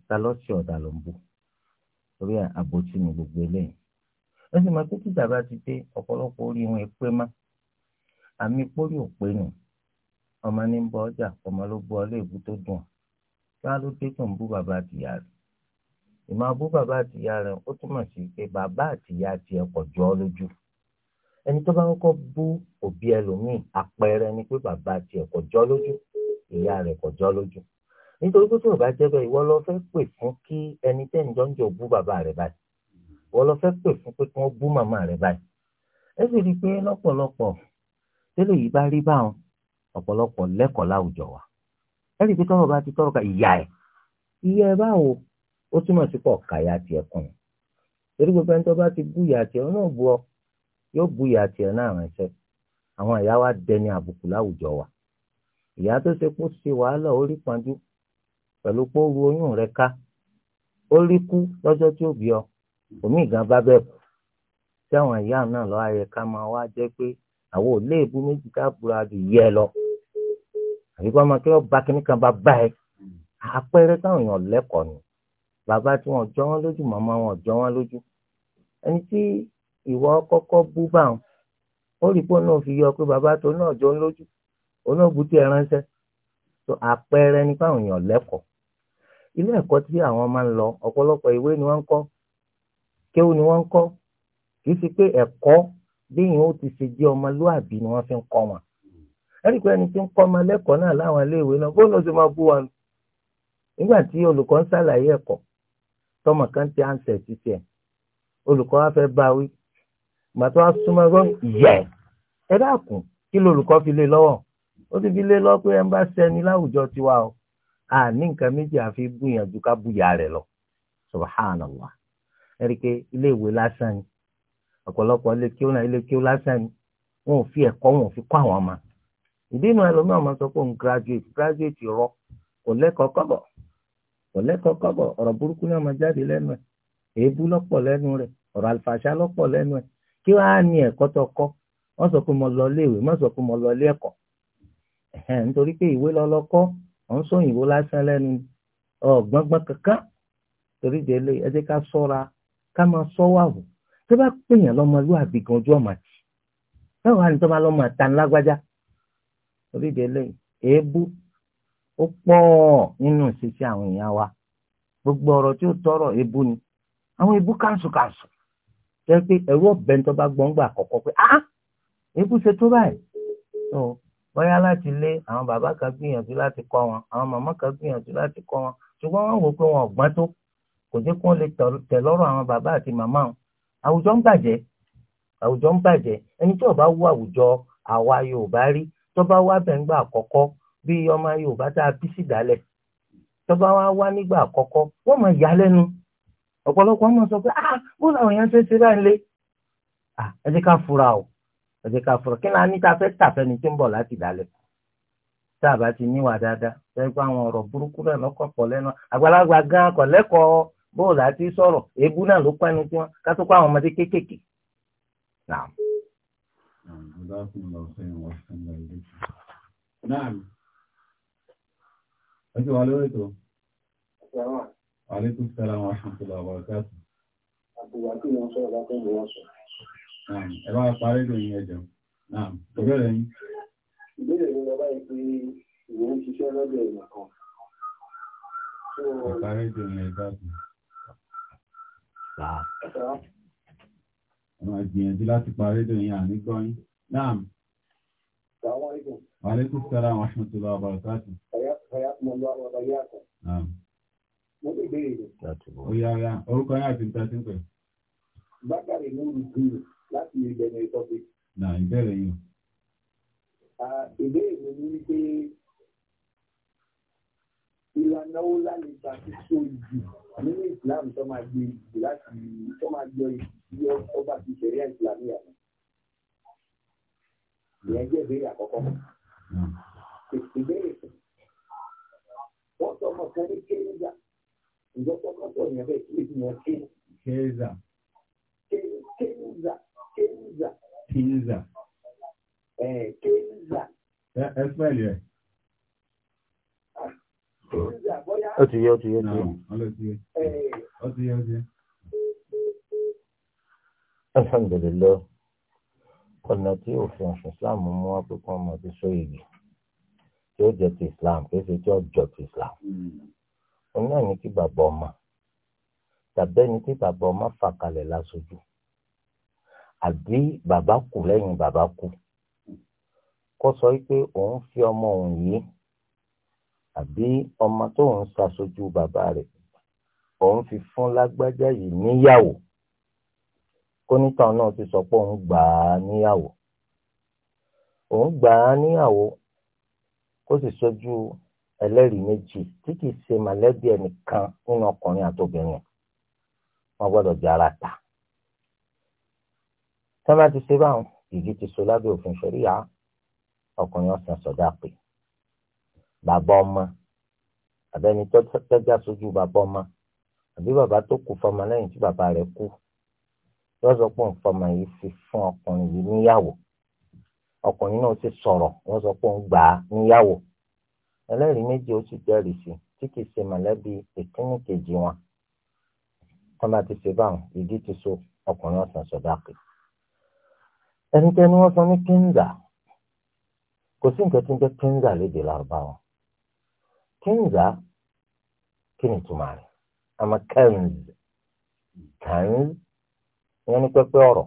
ta ló ṣe ọ̀dà ló ń bú torí àbòtí ni gbogbo eléyìí ó sì máa pé tí bàbá ti dé ọ̀pọ̀lọpọ̀ orí wọn ẹ pé má àmì pórí ò nù ọmọ ní ń bọ ọjà ọmọ ló gbọ́ ọ léèbú tó dùn kí wàá ló dé tó ń bú bàbá àtìyá rẹ̀ ìmọ̀ abú bàbá àtìyá rẹ̀ ó túmọ̀ sí pé bàbá àtìyá tiẹ̀ pọ̀ jọ ọ́ lójú ẹni tó bá kọ́kọ́ bú òbí ẹlòmíì àpẹẹrẹ ni pé bàbá tiẹ̀ kọ̀ jọ lójú ìyá rẹ̀ kọ̀ jọ lójú nítorí pé tí ò bá jẹ́ bẹ́ẹ̀ ìwọ lọ fẹ́ pè fún kí ẹni tẹ́ ń jọ ń jọ bú bàbá rẹ̀ báyìí ìwọ lọ fẹ́ pè fún pé kí wọ́n bú màmá rẹ̀ báyìí ẹ sì rí i pé lọ́pọ̀lọpọ̀ tẹ́lẹ̀ yìí bá rí báwọn ọ̀pọ̀lọpọ̀ lẹ́kọ̀ọ́ láwùjọ wa ẹ̀rí pé tọ́rọ̀ bá ti tọ́rọ̀ ká ìyá ẹ̀ ìyá ẹ̀ báwo ó túmọ̀ sí pọ̀ káyà tiẹ̀ kùn torí gbogbo ẹni tó bá ti bú ìyá tiẹ̀ náà bu ọ yóò bu ìyá tiẹ̀ náà ránṣẹ́ àwọn ìyá wa dẹni àbùkù láwùjọ wa ìyá tó ṣe kó ṣe wàhálà orí pọ́njú pẹ̀lú pé ó ru oyún rẹ ká ó rí kú lọ́jọ́ tí ó bí ọ òmí ìgan bá bẹ́ẹ̀ kú tí àwọn ìyá náà lọ́ọ́ ayẹ ká máa wá jẹ́ pé àwọn ò léèbú méjì ká búra jù yẹ lọ àbí kó ọmọ kí wọ́n bá kíní kan bá bá ẹ àpẹẹrẹ táwọn èèyàn lẹ́kọ̀ọ́ ni bàbá tí wọ́n jọ wọ́n lójú màmá wọn jọ wọ́n lójú ẹni tí ìwọ kọ́kọ́ bú bá wọn ó rí pé náà fi yọ pé bàbá tó náà jọ ń lójú òun náà bùtì ẹ tó àpẹẹrẹ ni káwọn èèyàn lẹ́kọ̀ọ́ ilé ẹ̀kọ́ tí àwọn máa ń lọ ọ̀pọ̀lọpọ̀ ìwé ni wọ́n ń kọ́ kéwù ni wọ́n ń kọ́ kì í ṣe pé ẹ̀kọ́ béèyàn ó ti ṣe jẹ́ ọmọlúàbí ni wọ́n fi ń kọ́ wọn ẹ̀ríkọ́ ẹni tí ń kọ́ ọmọ lẹ́kọ̀ọ́ náà láwọn iléèwé náà bóun ló ti máa bú wa nù. nígbà tí olùkọ́ ń ṣàlàyé ẹ̀kọ́ tọmọ kan ti àǹsẹ̀ ti tiẹ̀ olùkọ́ wa fẹ́ bá wí màtọ́ wa súnmọ́ yẹ ẹ dákun kí fi lé e lọ́wọ́ ó ti fi lé e lọ́wọ́ pé ẹ ń bá láwùjọ tiwa o àní nǹkan méjì àfi gbìyànjú ká lọ iléèwé lásán ni ọ̀pọ̀lọpọ̀ ilé kí ó lásán ni wọn ò ìdí inú ẹlòmíràn máa sọ pé òun graduate graduate rọ kò lẹ́kọ̀ọ́ kọ́bọ̀ kò lẹ́kọ̀ọ́ kọ́bọ̀ ọ̀rọ̀ burúkú náà máa jáde lẹ́nu ẹ̀ èébú lọ́pọ̀ lẹ́nu rẹ̀ ọ̀rọ̀ àlùfàṣà lọ́pọ̀ lẹ́nu ẹ̀ kí wàá ní ẹ̀kọ́ tó kọ́ wọ́n sọ pé mo lọ léèwé wọ́n sọ pé mo lọ lé ẹ̀kọ́ nítorí pé ìwé lọ́lọ́kọ́ ọ̀n sọ òyìnbó lásán lẹ́nu ọ̀gbọ́ngbọ́n kankan torí délé ẹ jẹ́ ká sọ́ra ká máa sọ́wọ́ àwò tó bá pèèyàn lọ́mọlúwàbí gan ojú ọ̀mà tí báwo wà ní tó bá lọ́mọ àtàn lágbájá torí ìdílé èébú ó pọ̀ nínú ìṣesí àwọn èèyàn wa gbogbo ọ̀rọ̀ tí ó tọrọ èébú ni àwọn èébú kàǹsù kàǹsù jẹ́ pé ẹ̀rú ọ̀bẹ tó bá gbọ́ngbà àkọ́kọ́ pé ah èébú ṣe tó báyìí tó bóyá láti lé àwọn bàbá kan gbìyànjú láti kọ́ wọn àwọn màmá kan gbìyànjú láti kọ́ wọn ṣùgbọ́n wọ́n wò pé wọn ò gbọ́n tó kò jẹ́ kí wọ́n lè tẹ̀ lọ́rọ̀ àwọn bàbá àti màmá wọn àwùjọ ń bàjẹ́ àwùjọ ń bàjẹ́ ẹni tí ó bá wù àwùjọ àwa Yorùbá rí tó bá wá bẹ̀ ńgbà àkọ́kọ́ bí ọmọ Yorùbá tá a bí sí dálẹ̀ tó bá wá wá nígbà àkọ́kọ́ wọ́n mọ̀ yà lẹ́nu ọ̀pọ̀lọpọ̀ ọmọ sọ pé ah bó làwọn èèyàn ṣe ṣe báyìí lé ah ẹ jẹ́ ká fura o ẹ jẹ́ ká fura kí ni a ní ta fẹ́ tà fẹ́ni tí ń bọ̀ láti dálẹ̀ tá a bá ti níwà dáadáa fẹ́ gbọ́ àwọn ọ̀rọ̀ burúkú rẹ̀ lọ́kọ̀ pọ̀ lẹ́nu àgbàlagbà gan kọ̀ lẹ́kọ̀ọ́ bóòlù àti sọ̀rọ̀ èébú náà ló pẹ́ni tí wọ́n ká tó kọ́ àwọn ọmọdé kéékèèké. جزاكم الله خيرا واحسن الله اليكم نعم ايوه عليكم السلام عليكم السلام ورحمه الله وبركاته Naam, ẹ bá parí ìròyìn ẹjọ́. Naam, ìbéèrè yín. Ìbéèrè mi lọ báyìí pé ìwé ń ṣiṣẹ́ lọ́dọ̀ ìmọ̀ kan. Ẹ àwọn ìgbìyànjú láti parí dòyìn ànígbọ́yìn náà Aleykum salaam wa rahmatullahi wa barakatuh. Mo ní ìbéèrè. Oya oya, orúkọ yín àti ìta ti ń pè. Bákàrí ló ń gbìyànjú láti ìbẹ̀rẹ̀ ìtọ́jú. Nà ìbéèrè yín. Ìbéèrè mi ni pé ìlànà wo lálejò àti sóòjì nínú ìsìlámù tó máa gbé láti tó máa jọ ìsìn tí ó bá ti ṣeré ìsìlámù yàrá ìyẹn jẹ́ ìbéèrè àkọ́kọ́ ìbéèrè wọ́n sọ ọmọ kan ní kéńdà ìjọba kan sọ ìyẹn bẹ́ẹ̀ kí ìyẹn ké kéńdà kéńdà kéńdà kéńdà kéńdà. ẹ fẹ́ lè. Ah, ó ti yé ó ti yé ó ti yé. ó ti yé ó ti yé alhamdulilayi ọ̀nà tí òfin ọ̀sìn islam mú wá pé kí wọ́n máa fi sọ èyí tí ó jẹ́ ti islam kì í ṣe tí ó jọ ti islam òun náà ní kí bàbá ọmọ tàbí ẹni tí bàbá ọmọ fà kalẹ̀ lásojú àbí bàbá kú lẹ́yìn bàbá kú kó sọ pé òun fi ọmọ òun yìí àbí ọmọ tó ń ṣaṣojú bàbá rẹ̀ òun fi fún lágbájá yìí níyàwó kónítàn náà ti sọ pé òun gbà á níyàwó òun gbà á níyàwó kó sì sojú ẹlẹ́rìí méjì tí kì í ṣe mọ̀lẹ́bí ẹnìkan nínú ọkùnrin àtobìnrin wọn gbọ́dọ̀ jẹ́ ara ta tí wọ́n bá ti ṣe báwọn ìdí ti so lábẹ́ òfin ṣẹ̀ríyà ọkùnrin ọ̀sán sọ̀dá pé bàbá ọmọ àbẹ́ni tọ́jà sójú bàbá ọmọ àbí bàbá tó kú fọmọ lẹ́yìn tí bàbá rẹ̀ kú wọ́n sọ pé nǹkan yìí fi fún ọkùnrin yìí níyàwó ọkùnrin náà ti sọ̀rọ̀ wọ́n sọ pé ń gbà á níyàwó ẹlẹ́rìí méjì ó ti jẹ́rìí sí tí kìí ṣe mọ̀lẹ́bí ìkíní kejì wọn wọ́n bá ti ṣe so ọkùnrin ọ̀sán sọ̀dáàkì ẹni tẹ́ni wọ́n sọ ní kínzà kò sí nǹkan tí ń jẹ́ kí ni rẹ̀ àmọ́ ìyẹn ní pẹpẹ ọ̀rọ̀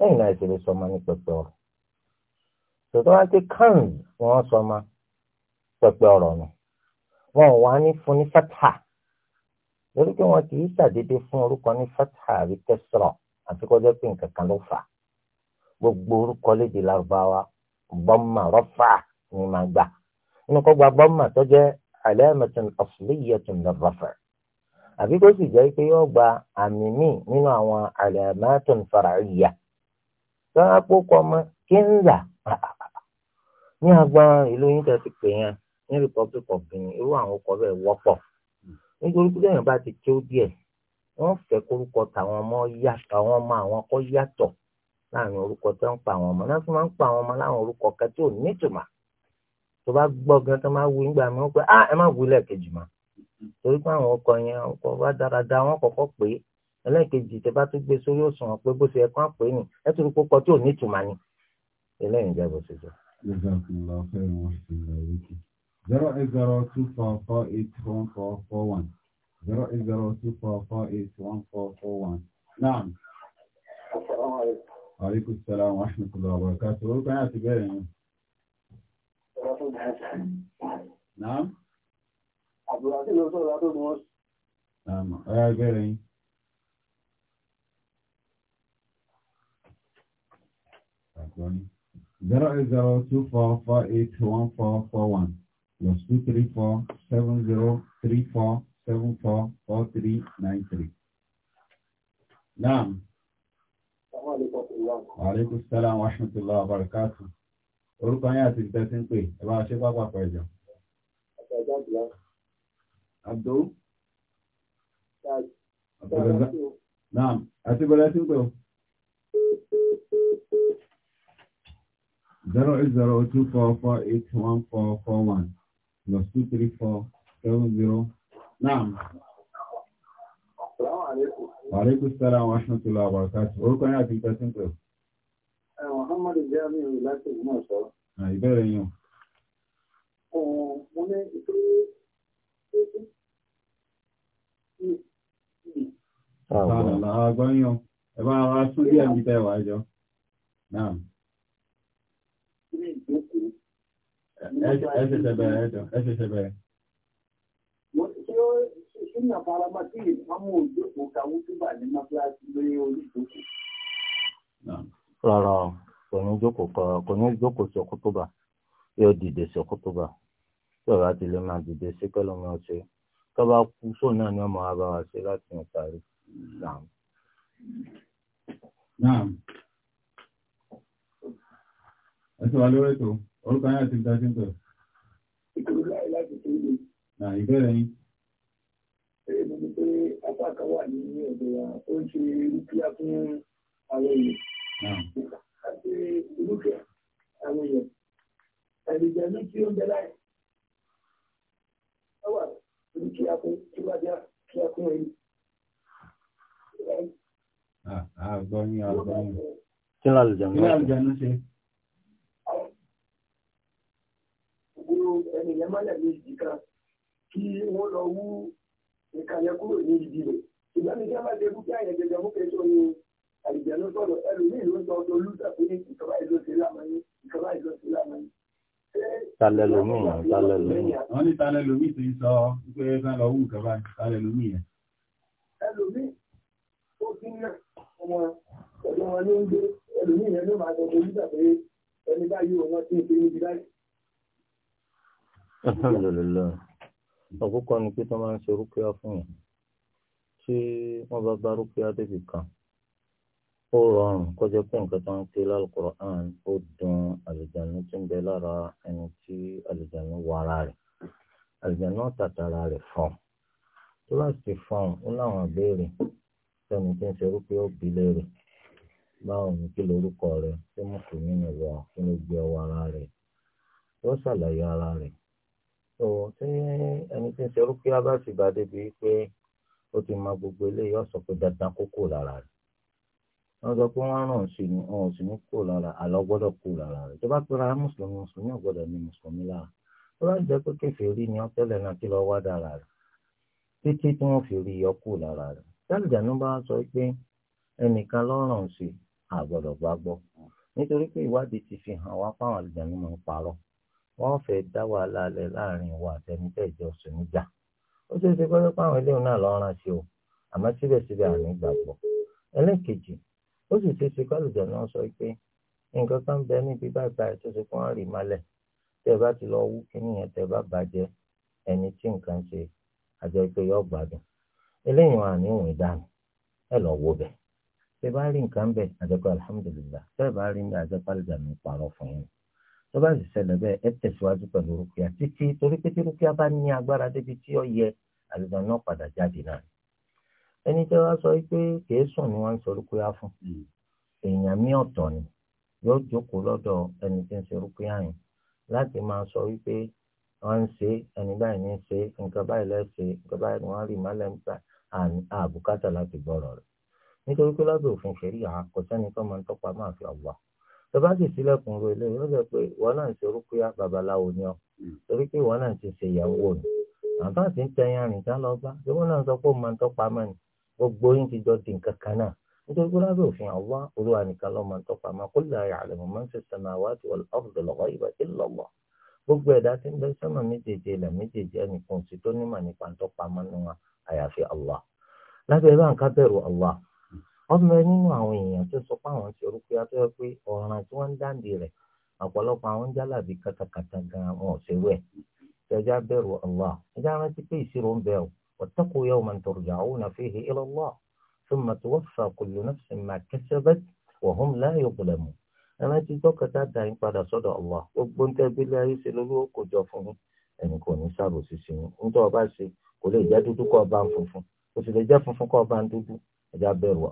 lẹ́yìn náà ìṣẹ̀lẹ̀ sọmọ ní pẹpẹ ọ̀rọ̀ tòtò wá pé kánz ni wọ́n sọmọ pẹpẹ ọ̀rọ̀ nù wọn ò wá ní fún ní fátà lórí pé wọn kì í ṣàdédé fún orúkọ ní fátà àbí kẹsìrọ àti kọjá pé nǹkan kan ló fà gbogbo orúkọ lédè lárúbáwá bọ́mà rọ́fà ni màá gbà inú kọ́ gba bọ́mà tó jẹ́ alẹ́ mẹ́tẹ̀ẹ́ ọ̀fìlẹ́yẹ tó ń lọ rọ́fà àbí kó sì jẹ́ pé yóò gba àmì míì nínú àwọn àlàmátùn far'iyya sọ́ra pókọ ọmọ kínzà ní agbọn ìlú yín tẹ́ ti pè yẹn ní Republic of Benin irú àwọn ọkọ̀ bẹ́ẹ̀ wọ́pọ̀ nítorí pé lẹ́yìn bá ti kí ó díẹ̀ wọ́n fẹ́ kórúkọ tàwọn ọmọ yàtọ̀ àwọn ọmọ àwọn ọkọ̀ yàtọ̀ láàrin orúkọ tó ń pa àwọn ọmọ náà fún máa ń pa àwọn ọmọ láwọn orúkọ kan ò nítumà tó bá gbọ́ gan tó máa wí nígbà mọ́ pé ah ẹ má wí lẹ́ẹ̀kejì mọ́ torí pé àwọn ọkọ̀ yẹn ọkọ̀ bá dáradá wọn kọ́kọ́ pé ẹlẹ́ẹ̀kejì tẹ bá tún gbé sórí òṣùwọ̀n pé bó ṣe ẹ̀kọ́ àpè ní ẹ tún kó kọ tí ò ní ìtumà ni eléyìí ń jẹ́ jọ. zero eight zero two four four eight one four four one zero eight zero two four four eight one four four one naam. aleykum salaam wa rahmatulah wa barakatuh orúkọ yẹn àti bẹ́ẹ̀ yẹn. naam àbúrò àti ìlú Zero eight zero two four four eight one four four one plus two three four seven zero three four seven four four three nine three. Naam. Aleykum salaam wa rahmatullahi wa barakatuh. Orúkọ yín àti ìtẹ́sí ń pè, ẹ bá ṣe pápá pẹ̀jọ. Àtàjáde láti àbdó naam àti bọ́lá tí ń o. zero zero two four four eight one four four one plus two three four seven zero naam. Wa alaikum salaam wa rahmatullahi wa barakatuh. Orúkọ yín àti ìtẹ́sí ń pẹ̀ o. Muhammad Jamiu láti ìgbìmọ̀ sọ. Ìbéèrè yín o. Mo ní ìpínlẹ̀ Sàlàlà agbọ́yàn, ẹ bá wa tún díẹ̀ ní tẹ́wàá jọ. Náà. Ẹ ṣẹ̀ṣẹ̀ bẹ̀rẹ̀ ẹ̀jọ̀, ẹ ṣẹ̀ṣẹ̀ bẹ̀rẹ̀. Mo ti ṣe ó ṣe ní àfarama tí ìfàmù òjòkó kàwú túbà ní Mákíláàsì lórí orí ìjókòó. Rárá o, kò ní jókòó kọ, kò ní jókòó sí ọkútùbà, yóò dìde sí ọkútùbà. Tí ọ̀rá ti lè máa dìde sí pẹ́lú mi ọ̀sẹ̀ tó bá kú sóun náà ni wọ́n máa bá wa ṣe láti yàn parí. ẹ ṣe wà lórí ètò orúkọ yẹn àti ìdájọ́ ń bẹ̀. ìkúrú láì láti ṣe é. nà ìbéèrè yín. ṣé mo ní pé apá kan wà ní ọ̀dọ̀ wa ó ń ṣe rúkìá fún àwọn èèyàn. àti rúkìá àwọn èèyàn. àlejò ẹni tí ó láì ní kí a kún kí wá bíá kí a kún ẹni. àgbọ̀yìn àgbọ̀yìn kí ló lè jẹun lọ́sẹ̀. gbogbo ẹni yẹn mọ́lẹ̀ ní ìdí kan kí wọ́n lọ wú ìkànnì kúrò ní ìdí rẹ̀ ìgbà mi kí a máa ṣe kúkí àyẹ̀jẹ̀jẹ̀ mú kí n sọ ní àlùjẹ̀ ló sọ̀rọ̀ ẹlòmíì ló ń sọ ọdún olùsàkúnní ìkọ́bá ìlú sí lámọ́ yín ìkọ́bá ìlú sí lámọ́ yín. Talẹ́lómì yẹn, talẹ́lómì yẹn. Wọ́n ní talẹ́lómì ti sọ pé ẹ fẹ́ lọ wù kọ́ báyìí, talẹ́lómì yẹn. Ẹlòmí tó kí ní ọmọ ọ̀dọ́ wọn ló ń gbé ẹlòmí yẹn ló máa sọ pé nígbà pé ẹni báyìí òun ti ń gbé níbi báyìí. Alhamdulilayi, ọ̀pọ̀ kan ni pé tó máa ń ṣe rúkúyà fún yẹn. Ṣé wọ́n bá bá rúkúyà débi kan? ó rọrùn kó jẹ́ pé nǹkan tó ń ké lálùkùránì ó dùn àlùjánu tó ń bẹ lára ẹni tí àlùjánu wọ ara rẹ̀ àlùjánu tàtàrà rẹ̀ fọ́n tó bá sì fọ́n ó láwọn béèrè sẹ́ni tí ń ṣerú pé ó bí léèrè kí lorúkọ rẹ̀ tí mùsùlùmí ni wọ kí gbé ọwọ́ ara rẹ̀ yóò ṣàlàyé ara rẹ̀ tó tí ẹni tí ń ṣerú pé a débi pé ó ti mọ gbogbo eléyìí ọ̀sọ̀ pé dandan kókó lára rẹ̀ wọ́n sọ pé wọ́n ràn sí ni wọn ò sì ní kó lára àlọ́ gbọ́dọ̀ kó lára rẹ̀ tó bá pera mùsùlùmí mùsùlùmí ò gbọ́dọ̀ mùsùlùmí lára tó bá jẹ́ pé kèfèrí ni ọ́tẹ́lẹ̀ náà kí lọ́ọ́ wá dára rẹ̀ títí tí wọ́n fi rí yọ kó lára rẹ̀ tẹ́lẹ̀dánú bá sọ pé ẹnìkan lọ́rùn sí àgbọ̀dọ̀ gbàgbọ́ nítorí pé ìwádìí ti fi hàn wá fáwọn àlùjànnú máa ń parọ́ wọ́n fẹ́ dá wàhálà alẹ́ láàrin ìwà àtẹnitẹ́ ìjọ sùn ó sì ṣe ṣe kálùjọ náà sọ pé nǹkan kan bẹ níbi bàbá ẹ tó ṣe kó wọn rì malẹ tẹ bá ti lọ wú kíní yẹn tẹ bá bàjẹ́ ẹni tí nǹkan ṣe àjọ pé yọ gbádùn eléyìí wọn àníwòn ìdáhùn ẹ lọ wo bẹ tẹ bá rí nǹkan bẹ àjọpọ alihamudulilayi tẹ bá rí ní àjọpọ alìjàmí parọ́ fún yín tó bá sì ṣẹlẹ̀ bẹ́ẹ̀ ẹ tẹ̀síwájú pẹ̀lú rúkìá títí torí pé tí rúkìá bá ní agbára débi tí ó yẹ àlùjọ náà padà jáde náà ẹni tí wọ́n sọ pé kìí ni wọ́n ń sorúkúyà fún hmm. èèyàn mí ọ̀tọ̀ ni yóò jókòó lọ́dọ̀ ẹni tí ń sorúkúyà yẹn láti máa sọ wípé wọ́n ń ṣe ẹni báyìí ní ṣe nǹkan báyìí lẹ́sẹ̀ nǹkan báyìí ni wọ́n rí ìmọ̀lẹ́ nípa àbùkátà láti gbọ́rọ̀ rẹ̀ nítorí pé lábẹ́ òfin ṣẹ̀rí àkọsẹ́ni tó máa ń tọ́pa máa fi ọ̀wà tó bá sì sílẹ̀kùn ro ilé yóò sọ pé ìwọ náà ń ṣe orúkúyà babaláwo ni ọ hmm. torí pé ìwọ náà ti ṣe ìyàwó ni àbá sì ń tẹyàn rìn ká lọ bá ṣé wọn náà sọ pé ó máa ń tọ́pa mọ́ ni gbogbo yín ti jọ di nǹkan kan náà nítorí pé lábẹ́ òfin àwa olúwa nìkan ló máa ń tọpa àmọ́ kó lè ra àlẹ́ mọ́ ṣe sẹ́nu àwa àti ọ̀dọ̀ lọ́wọ́ ìbá tí ń lọ́wọ́ gbogbo ẹ̀dá tí ń bẹ sọ́mà méjèèjì ilẹ̀ méjèèjì ẹnìkan sí tó nímọ̀ nípa ń tọpa mọ́nú wa àyàfi Allah lábẹ́ bá nǹkan bẹ̀rù Allah ọmọ nínú àwọn èèyàn tó sọ pé àwọn ti orúkọ yàtọ̀ yẹ pé ọ̀ràn tí wọ́n ń dáǹdì rẹ̀ ọ̀pọ̀lọpọ̀ àwọn jálàbí kàtàkàtà gan wọn ò ṣerú ẹ̀ ẹja bẹ̀rù Allah ẹja rántí pé ìṣirò ń bẹ̀rù واتقوا يوما ترجعون فيه إلى الله ثم توفى كل نفس ما كسبت وهم لا يظلمون أنا تيجوك تاتا إن قد صدى الله وبنت بالله يسلولو كجوفهم ẹnì kò ní sábò ṣiṣẹ́ yín nítorí ọba ṣe kò lè jẹ́ dúdú kọ́ ọba ń funfun kò sì lè jẹ́ funfun kọ́ ọba ń dúdú ẹ̀já bẹ̀rù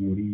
Allah.